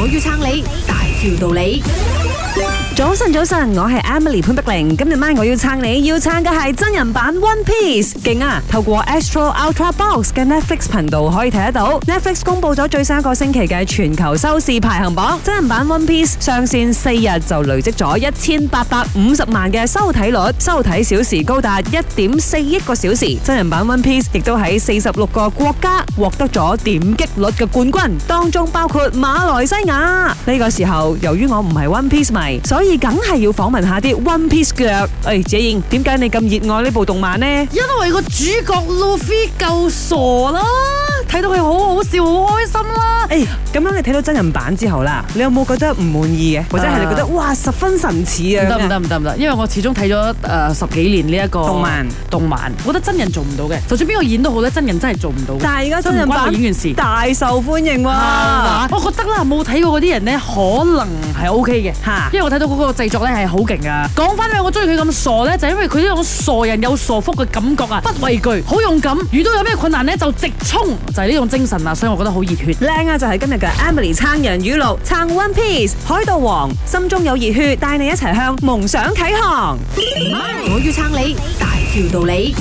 我要撐你，大條道理。早晨，早晨，我係 Emily 潘碧玲。今日晚我要撐你，要撐嘅係真人版 One Piece，勁啊！透過 Astro Ultra Box 嘅 Netflix 頻道可以睇得到。Netflix 公布咗最新一個星期嘅全球收視排行榜，真人版 One Piece 上線四日就累積咗一千八百五十萬嘅收睇率，收睇小時高達一點四億個小時。真人版 One Piece 亦都喺四十六個國家獲得咗點擊率嘅冠軍，當中包括馬來西亞。呢個時候，由於我唔係 One Piece 迷，所以。梗係要訪問下啲 One Piece 腳，哎，誒，姐燕，點解你咁熱愛呢部動漫咧？因為個主角路飛夠傻啦，睇到佢好好笑，好開心啦。誒，咁、欸、樣你睇到真人版之後啦，你有冇覺得唔滿意嘅？或者係你覺得、uh, 哇，十分神似啊？唔得唔得唔得唔得，因為我始終睇咗誒十幾年呢、這、一個動漫，動漫，我覺得真人做唔到嘅。就算邊個演都好咧，真人真係做唔到。但係而家真人版演完時大受歡迎喎、啊，uh, 我覺得啦，冇睇過嗰啲人咧，可能係 OK 嘅吓，因為我睇到嗰個製作咧係好勁噶。講翻起我中意佢咁傻咧，就是、因為佢呢種傻人有傻福嘅感覺啊，不畏懼，好勇敢，遇到有咩困難咧就直衝，就係、是、呢種精神啊，所以我覺得好熱血，靚啊！就係今日嘅 Emily 撐人語錄，撐 One Piece 海盜王，心中有熱血，帶你一齊向夢想啟航。我要撐你，大條道理。